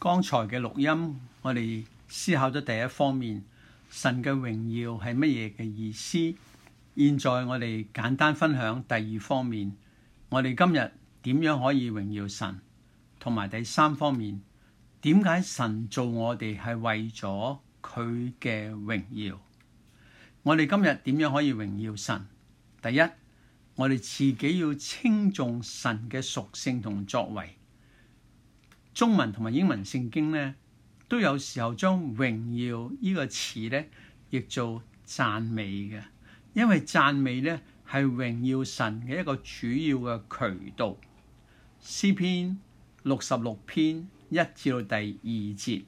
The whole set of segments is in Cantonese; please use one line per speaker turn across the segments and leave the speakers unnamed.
剛才嘅錄音，我哋思考咗第一方面，神嘅榮耀係乜嘢嘅意思？現在我哋簡單分享第二方面，我哋今日點樣可以榮耀神？同埋第三方面，點解神造我哋係為咗佢嘅榮耀？我哋今日點樣可以榮耀神？第一，我哋自己要稱重神嘅屬性同作為。中文同埋英文聖經咧，都有時候將榮耀呢個詞咧，譯做讚美嘅，因為讚美咧係榮耀神嘅一個主要嘅渠道。詩篇六十六篇一至到第二節，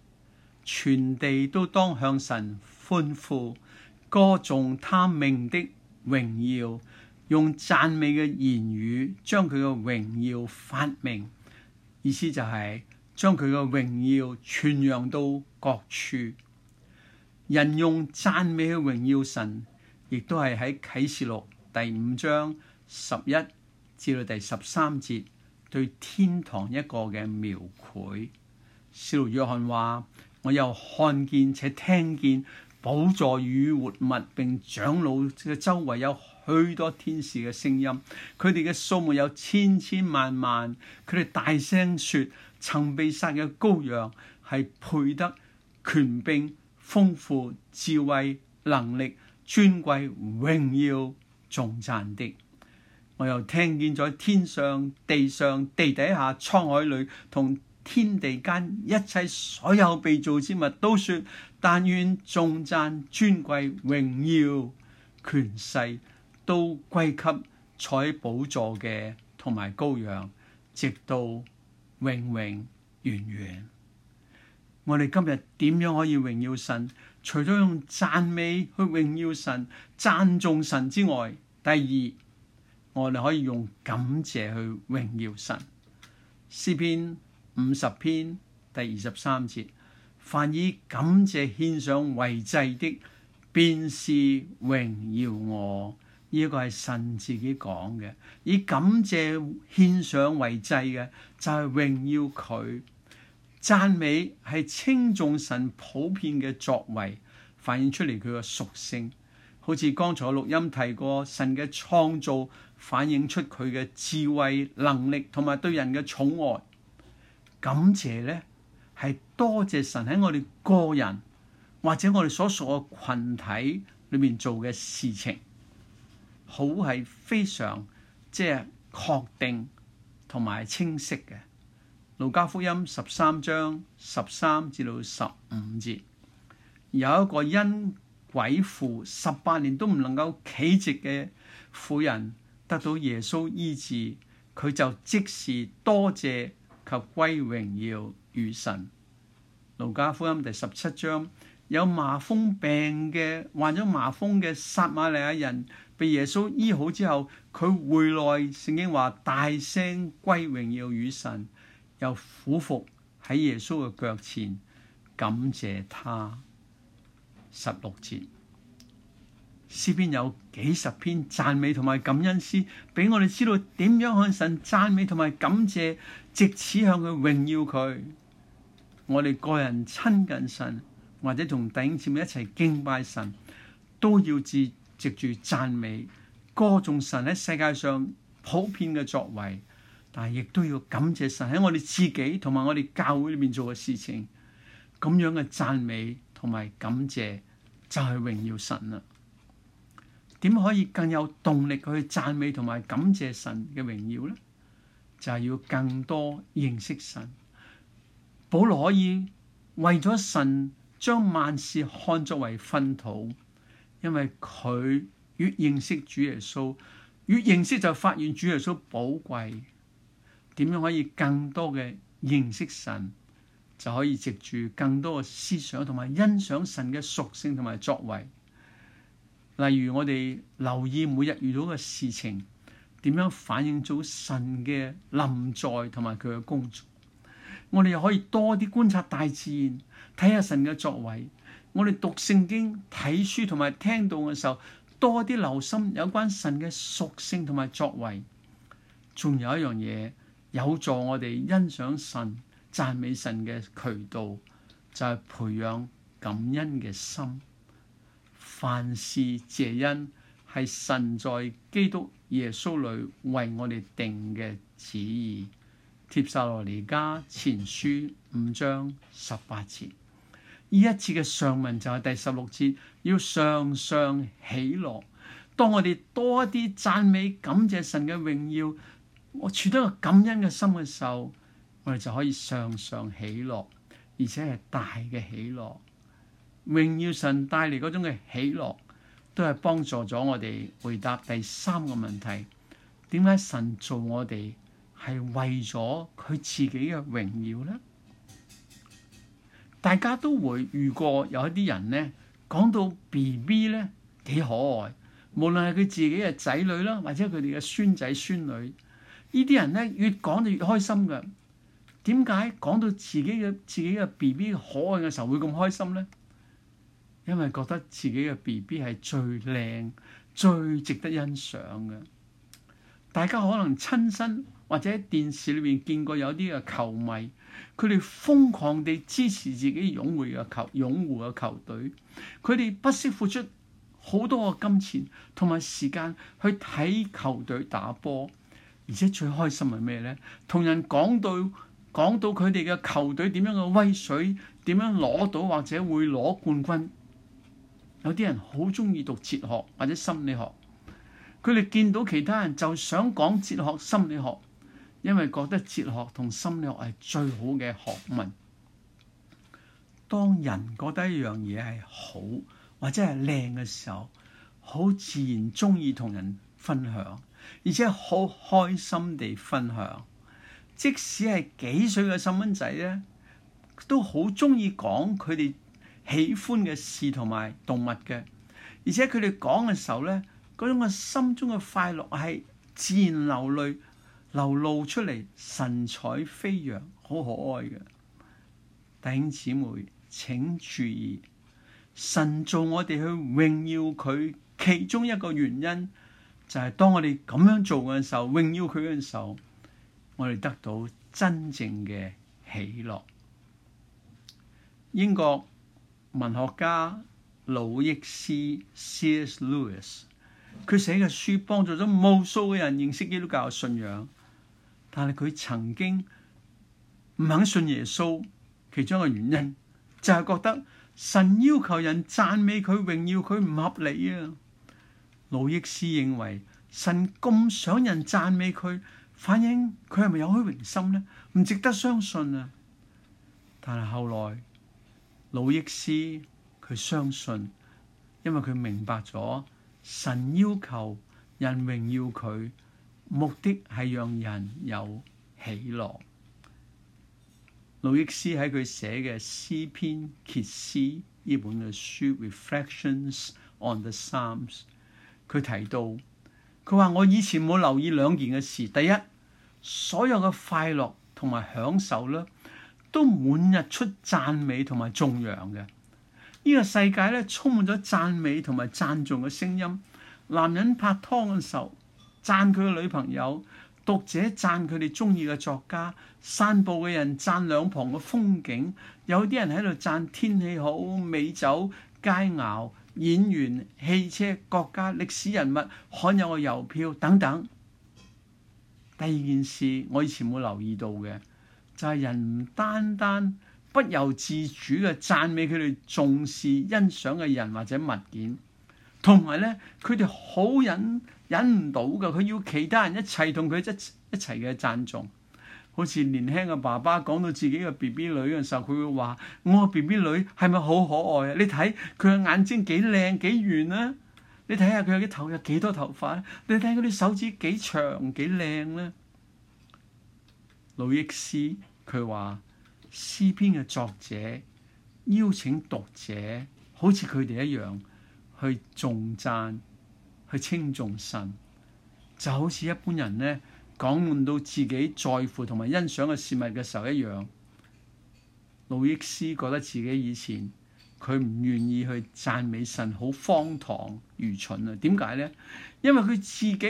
全地都當向神歡呼，歌頌他命的榮耀，用讚美嘅言語將佢嘅榮耀發明。意思就係、是。將佢嘅榮耀傳揚到各處，人用讚美嘅榮耀神，亦都係喺啟示錄第五章十一至到第十三節對天堂一個嘅描繪。使徒約翰話：我又看見且聽見，寶座與活物並長老嘅周圍有許多天使嘅聲音，佢哋嘅數目有千千萬萬，佢哋大聲說。曾被殺嘅羔羊係配得權柄、豐富、智慧、能力、尊貴、榮耀，重讚的。我又聽見在天上、地上、地底下、滄海裏同天地間一切所有被造之物，都說：但願重讚、尊貴、榮耀、權勢都歸給坐喺寶座嘅同埋羔羊，直到永永遠遠，我哋今日點樣可以榮耀神？除咗用讚美去榮耀神、讚頌神之外，第二，我哋可以用感謝去榮耀神。詩篇五十篇第二十三節：凡以感謝獻上為祭的，便是榮耀我。呢個係神自己講嘅，以感謝獻上為祭嘅，就係榮耀佢。讚美係稱重神普遍嘅作為，反映出嚟佢嘅屬性。好似剛才嘅錄音提過，神嘅創造反映出佢嘅智慧能力，同埋對人嘅寵愛。感謝咧係多謝神喺我哋個人或者我哋所屬嘅群體裏面做嘅事情。好係非常即係確定同埋清晰嘅。《路加福音》十三章十三至到十五節，有一個因鬼附十八年都唔能夠企直嘅婦人得到耶穌醫治，佢就即時多謝及歸榮耀於神。《路加福音》第十七章有麻風病嘅患咗麻風嘅撒瑪利亞人。被耶穌醫好之後，佢回來，聖經話大聲歸榮耀與神，又俯伏喺耶穌嘅腳前感謝他。十六節詩篇有幾十篇讚美同埋感恩詩，俾我哋知道點樣向神讚美同埋感謝，借此向佢榮耀佢。我哋個人親近神，或者同頂前一齊敬拜神，都要自。藉住讚美歌頌神喺世界上普遍嘅作為，但係亦都要感謝神喺我哋自己同埋我哋教會裏面做嘅事情。咁樣嘅讚美同埋感謝就係榮耀神啦。點可以更有動力去讚美同埋感謝神嘅榮耀咧？就係要更多認識神。保羅可以為咗神將萬事看作為糞土。因為佢越認識主耶穌，越認識就發現主耶穌寶貴。點樣可以更多嘅認識神，就可以藉住更多嘅思想同埋欣賞神嘅屬性同埋作為。例如我哋留意每日遇到嘅事情，點樣反映到神嘅臨在同埋佢嘅工作。我哋又可以多啲觀察大自然，睇下神嘅作為。我哋讀聖經、睇書同埋聽到嘅時候，多啲留心有關神嘅屬性同埋作為。仲有一樣嘢，有助我哋欣賞神、讚美神嘅渠道，就係、是、培養感恩嘅心。凡事謝恩係神在基督耶穌裏為我哋定嘅旨意。帖撒羅尼迦前書五章十八節。呢一次嘅上文就係第十六節，要常常喜樂。當我哋多一啲讚美、感謝神嘅榮耀，我處得個感恩嘅心嘅時候，我哋就可以常常喜樂，而且係大嘅喜樂。榮耀神帶嚟嗰種嘅喜樂，都係幫助咗我哋回答第三個問題：點解神造我哋係為咗佢自己嘅榮耀咧？大家都會遇過有一啲人咧，講到 B B 咧幾可愛，無論係佢自己嘅仔女啦，或者佢哋嘅孫仔孫女，呢啲人咧越講就越開心嘅。點解講到自己嘅自己嘅 B B 可愛嘅時候會咁開心咧？因為覺得自己嘅 B B 係最靚、最值得欣賞嘅。大家可能親身或者喺電視裏面見過有啲嘅球迷。佢哋瘋狂地支持自己擁護嘅球，擁護嘅球隊，佢哋不惜付出好多嘅金錢同埋時間去睇球隊打波，而且最開心係咩呢？同人講到講到佢哋嘅球隊點樣嘅威水，點樣攞到或者會攞冠軍。有啲人好鍾意讀哲學或者心理學，佢哋見到其他人就想講哲學、心理學。因為覺得哲學同心理學係最好嘅學問。當人覺得一樣嘢係好或者係靚嘅時候，好自然鍾意同人分享，而且好開心地分享。即使係幾歲嘅細蚊仔咧，都好中意講佢哋喜歡嘅事同埋動物嘅，而且佢哋講嘅時候咧，嗰種嘅心中嘅快樂係自然流淚。流露出嚟神采飛揚，好可愛嘅。弟兄姊妹請注意，神造我哋去榮耀佢，其中一個原因就係、是、當我哋咁樣做嘅時候，榮耀佢嘅時候，我哋得到真正嘅喜樂。英國文學家路易斯 （C.S. Lewis） 佢寫嘅書幫助咗無數嘅人認識基督教嘅信仰。但係佢曾經唔肯信耶穌，其中一個原因就係覺得神要求人讚美佢、榮耀佢唔合理啊。路易斯認為神咁想人讚美佢，反映佢係咪有虛榮心呢？唔值得相信啊！但係後來路易斯佢相信，因為佢明白咗神要求人榮耀佢。目的係讓人有喜樂。路易斯喺佢寫嘅《詩篇擷思》呢本嘅書《Reflections on the Psalms》，佢提到，佢話：我以前冇留意兩件嘅事。第一，所有嘅快樂同埋享受咧，都滿日出讚美同埋頌揚嘅。呢、這個世界咧，充滿咗讚美同埋讚頌嘅聲音。男人拍拖嘅時候，讚佢個女朋友，讀者讚佢哋中意嘅作家，散步嘅人讚兩旁嘅風景，有啲人喺度讚天氣好、美酒、佳肴、演員、汽車、國家、歷史人物、罕有嘅郵票等等。第二件事，我以前冇留意到嘅，就係人唔單單不由自主嘅讚美佢哋重視、欣賞嘅人或者物件。同埋咧，佢哋好忍忍唔到噶，佢要其他人一齊同佢一一齊嘅讚頌。好似年輕嘅爸爸講到自己嘅 B B 女嗰陣時候，佢會話：我個 B B 女係咪好可愛啊？你睇佢嘅眼睛幾靚幾圓啊？你睇下佢嘅頭有幾多頭髮？你睇佢啲手指幾長幾靚咧？啊、路易斯佢話《詩篇》嘅作者邀請讀者，好似佢哋一樣。去重讚，去稱頌神，就好似一般人咧講到自己在乎同埋欣賞嘅事物嘅時候一樣。路易斯覺得自己以前佢唔願意去讚美神，好荒唐愚蠢啊！點解咧？因為佢自己拒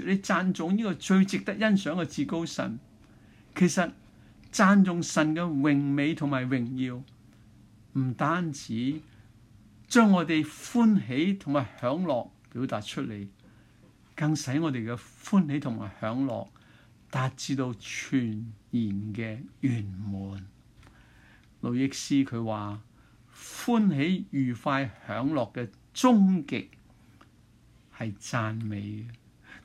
絕你讚頌呢個最值得欣賞嘅至高神。其實讚頌神嘅榮美同埋榮耀，唔單止。將我哋歡喜同埋享樂表達出嚟，更使我哋嘅歡喜同埋享樂達至到全然嘅圓滿。路易斯佢話：歡喜愉快享樂嘅終極係讚美。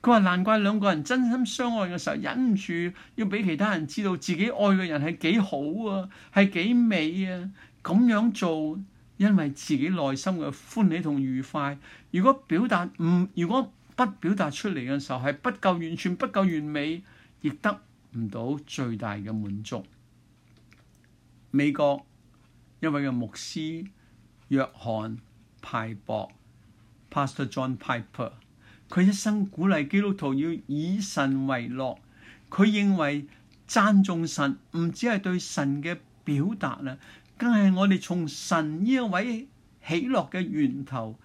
佢話難怪兩個人真心相愛嘅時候，忍，忍唔住要俾其他人知道自己愛嘅人係幾好啊，係幾美啊，咁樣做。因為自己內心嘅歡喜同愉快，如果表達唔，如果不表達出嚟嘅時候，係不夠完全、不夠完美，亦得唔到最大嘅滿足。美國一位嘅牧師約翰派博 （Pastor John Piper），佢一生鼓勵基督徒要以神為樂。佢認為讚頌神唔止係對神嘅表達啦。更係我哋從神呢一位喜樂嘅源頭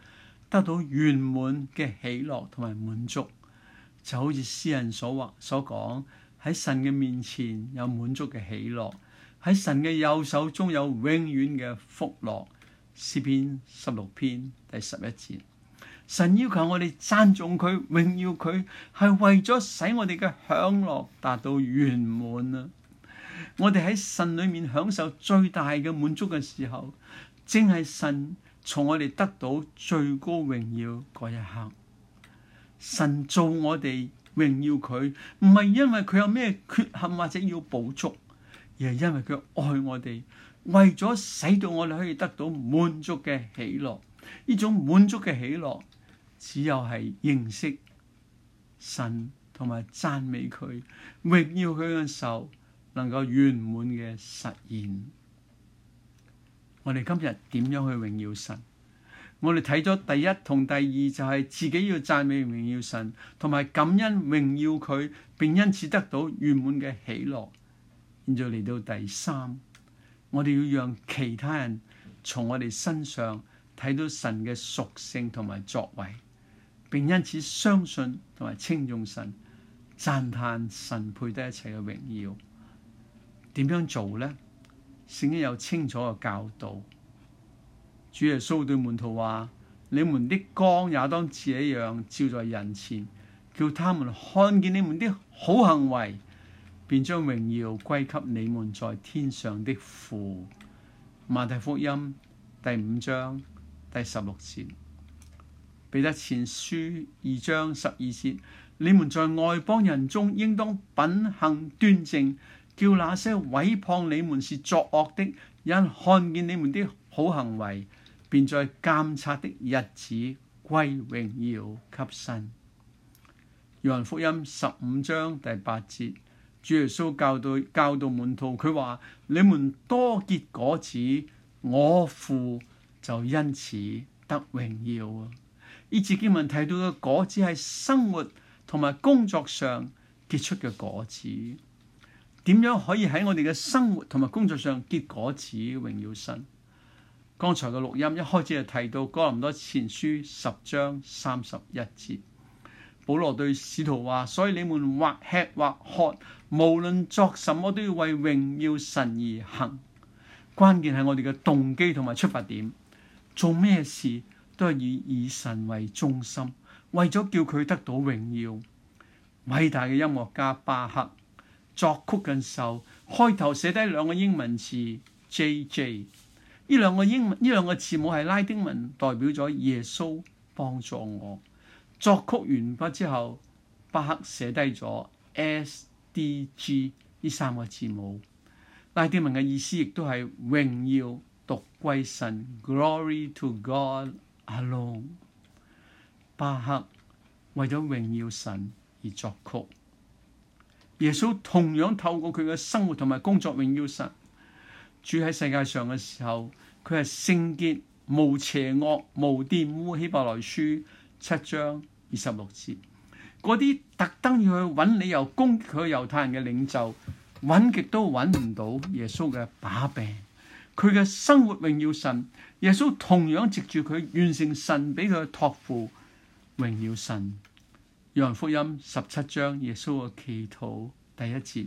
得到圓滿嘅喜樂同埋滿足，就好似詩人所話所講，喺神嘅面前有滿足嘅喜樂，喺神嘅右手中有永遠嘅福樂。詩篇十六篇第十一節，神要求我哋讚頌佢、榮耀佢，係為咗使我哋嘅享樂達到圓滿啊！我哋喺神裏面享受最大嘅滿足嘅時候，正係神從我哋得到最高榮耀嗰一刻。神造我哋榮耀佢，唔係因為佢有咩缺陷，或者要補足，而係因為佢愛我哋，為咗使到我哋可以得到滿足嘅喜樂。呢種滿足嘅喜樂，只有係認識神同埋讚美佢榮耀佢嘅時候。能夠圓滿嘅實現，我哋今日點樣去榮耀神？我哋睇咗第一同第二，就係自己要讚美榮耀神，同埋感恩榮耀佢，並因此得到圓滿嘅喜樂。現在嚟到第三，我哋要讓其他人從我哋身上睇到神嘅屬性同埋作為，並因此相信同埋稱頌神，讚嘆神配得一切嘅榮耀。點樣做呢？聖經有清楚嘅教導。主耶穌對門徒話：你們的光也當這樣照在人前，叫他們看見你們的好行為，便將榮耀歸給你們在天上的父。馬太福音第五章第十六節。彼得前書二章十二節：你們在外邦人中，應當品行端正。叫那些毀謗你們是作惡的人，人看見你們的好行為，便在監察的日子歸榮耀給神，約翰福音十五章第八節。主耶穌教導教導門徒，佢話：你們多結果子，我父就因此得榮耀。以次經文提到嘅果子係生活同埋工作上結出嘅果子。點樣可以喺我哋嘅生活同埋工作上結果子榮耀神？剛才嘅錄音一開始就提到《哥林多前書》十章三十一節，保羅對使徒話：所以你們或吃或喝，無論作什麼，都要為榮耀神而行。關鍵係我哋嘅動機同埋出發點，做咩事都係以以神為中心，為咗叫佢得到榮耀。偉大嘅音樂家巴赫。作曲嘅時候，開頭寫低兩個英文字 J J，呢兩個英文呢兩個字母係拉丁文，代表咗耶穌幫助我。作曲完畢之後，巴赫寫低咗 S D G 呢三個字母，拉丁文嘅意思亦都係榮耀獨歸神，Glory to God alone。巴赫為咗榮耀神而作曲。耶穌同樣透過佢嘅生活同埋工作榮耀神，住喺世界上嘅時候，佢係聖潔、無邪惡、無玷污。希伯來書七章二十六節，嗰啲特登要去揾理由攻擊佢猶太人嘅領袖，揾極都揾唔到耶穌嘅把柄。佢嘅生活榮耀神，耶穌同樣藉住佢完成神俾佢嘅託付，榮耀神。約翰福音十七章耶穌嘅祈禱第一節，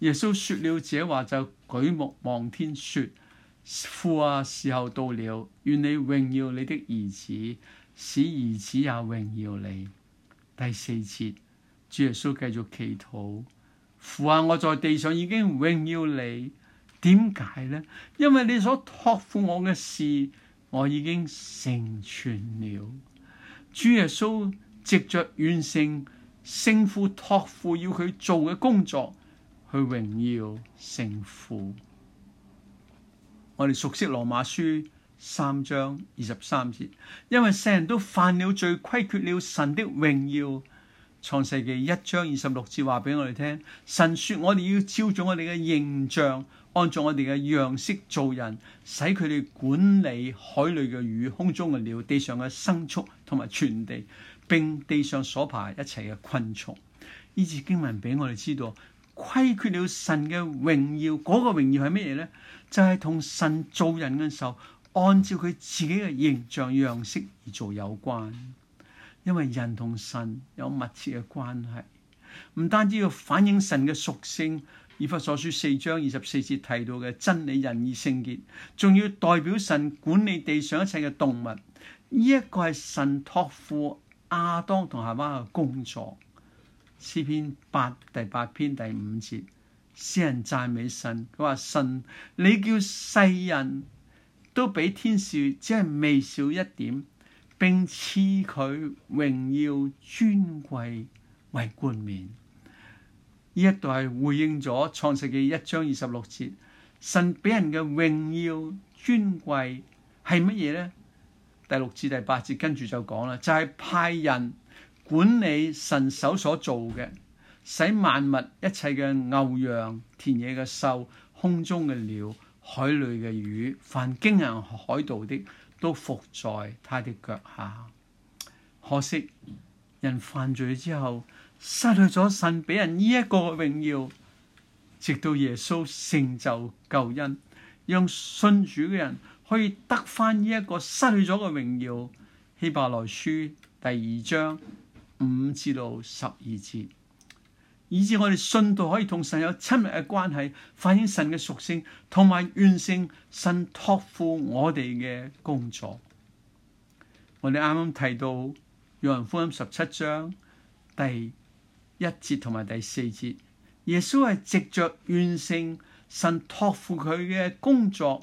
耶穌說了這話，就舉目望天說，父啊，時候到了，願你榮耀你的兒子，使兒子也榮耀你。第四節，主耶穌繼續祈禱，父啊，我在地上已經榮耀你。點解呢？因為你所託付我嘅事，我已經成全了。主耶穌。藉著完成聖父託付要佢做嘅工作，去榮耀聖父。 我哋熟悉羅馬書三章二十三節，因為世人都犯了罪，虧缺了神的榮耀。創世記一章二十六節話俾我哋聽，神說我哋要照著我哋嘅形象，按照我哋嘅樣式做人，使佢哋管理海裏嘅魚、空中嘅鳥、地上嘅牲畜同埋全地。並地上所爬一切嘅昆蟲，呢節經文俾我哋知道，虧缺了神嘅榮耀，嗰、那個榮耀係乜嘢咧？就係、是、同神造人嘅時候，按照佢自己嘅形象樣式而做有關。因為人同神有密切嘅關係，唔單止要反映神嘅屬性，以弗所書四章二十四節提到嘅真理，仁義聖潔，仲要代表神管理地上一切嘅動物。呢、這、一個係神託付，阿當同夏娃嘅工作，詩篇八第八篇第五節，詩人讚美神，佢話神，你叫世人都比天使，只係微小一點，並賜佢榮耀尊貴為冠冕。呢一度係回應咗創世記一章二十六節，神俾人嘅榮耀尊貴係乜嘢咧？第六至第八節，跟住就講啦，就係、是、派人管理神手所做嘅，使萬物一切嘅牛羊、田野嘅獸、空中嘅鳥、海裡嘅魚，凡經行海道的，都伏在他的腳下。可惜人犯罪之後，失去咗神俾人呢一個榮耀，直到耶穌成就救恩，讓信主嘅人。可以得翻呢一個失去咗嘅榮耀，希伯來書第二章五至到十二節，以至我哋信道可以同神有親密嘅關係，反映神嘅屬性同埋完成神託付我哋嘅工作。我哋啱啱提到約翰福音十七章第一節同埋第四節，耶穌係藉着完成神託付佢嘅工作。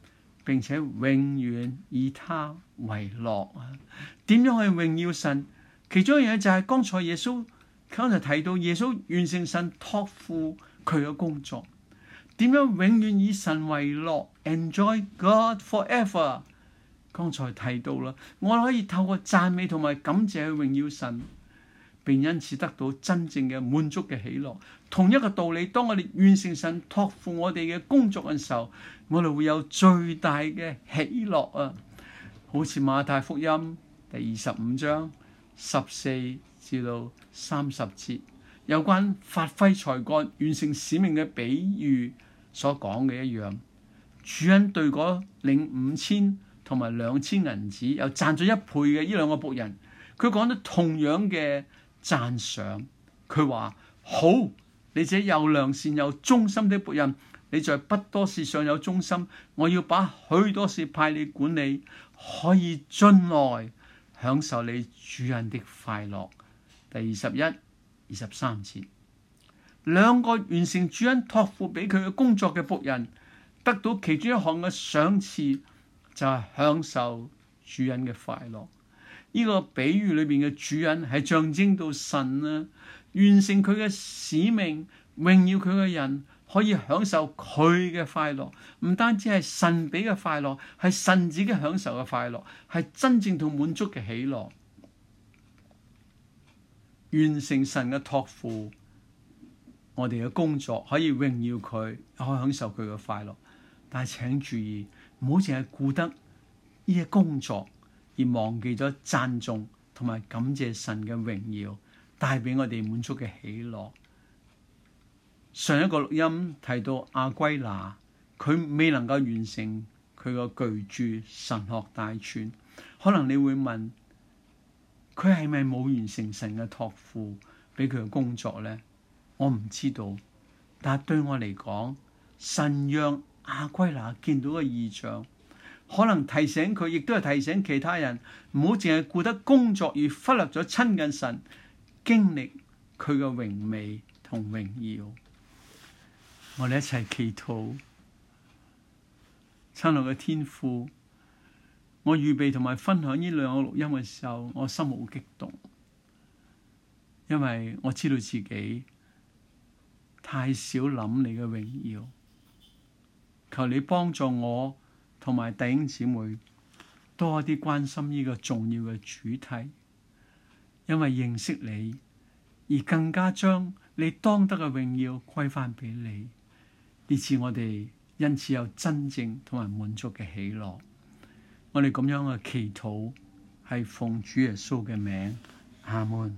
並且永遠以他為樂啊！點樣去榮耀神？其中一樣嘢就係剛才耶穌，剛才提到耶穌完成神託付佢嘅工作。點樣永遠以神為樂？Enjoy God forever。剛才提到啦，我可以透過讚美同埋感謝去榮耀神。並因此得到真正嘅滿足嘅喜樂。同一個道理，當我哋完成神託付我哋嘅工作嘅時候，我哋會有最大嘅喜樂啊！好似馬太福音第二十五章十四至到三十節有關發揮才幹完成使命嘅比喻所講嘅一樣，主人對嗰領五千同埋兩千銀子又賺咗一倍嘅呢兩個僕人，佢講得同樣嘅。讚賞佢話：好，你這又良善又忠心的僕人，你在不多事上有忠心，我要把許多事派你管理，可以進來享受你主人的快樂。第二十一、二十三節，兩個完成主人托付俾佢嘅工作嘅僕人，得到其中一項嘅賞賜，就係、是、享受主人嘅快樂。呢個比喻裏面嘅主人係象徵到神啊，完成佢嘅使命，榮耀佢嘅人可以享受佢嘅快樂，唔單止係神畀嘅快樂，係神自己享受嘅快樂，係真正同滿足嘅喜樂。完成神嘅託付，我哋嘅工作可以榮耀佢，可以享受佢嘅快樂。但係請注意，唔好淨係顧得呢啲工作。而忘記咗讚頌同埋感謝神嘅榮耀，帶畀我哋滿足嘅喜樂。上一個錄音提到阿圭拿，佢未能夠完成佢個巨著《神學大全》，可能你會問佢係咪冇完成神嘅託付俾佢嘅工作咧？我唔知道，但係對我嚟講，神讓阿圭拿見到嘅異象，可能提醒佢，亦都係提醒其他人，唔好淨係顧得工作而忽略咗親近神、經歷佢嘅榮美同榮耀。 我哋一齊祈禱，親愛嘅天父，我預備同埋分享呢兩個錄音嘅時候，我心好激動，因為我知道自己太少諗你嘅榮耀。求你幫助我。同埋弟兄姊妹多啲關心呢個重要嘅主題，因為認識你而更加將你當得嘅榮耀歸翻畀你，以致我哋因此有真正同埋滿足嘅喜樂。我哋咁樣嘅祈禱係奉主耶穌嘅名，阿門。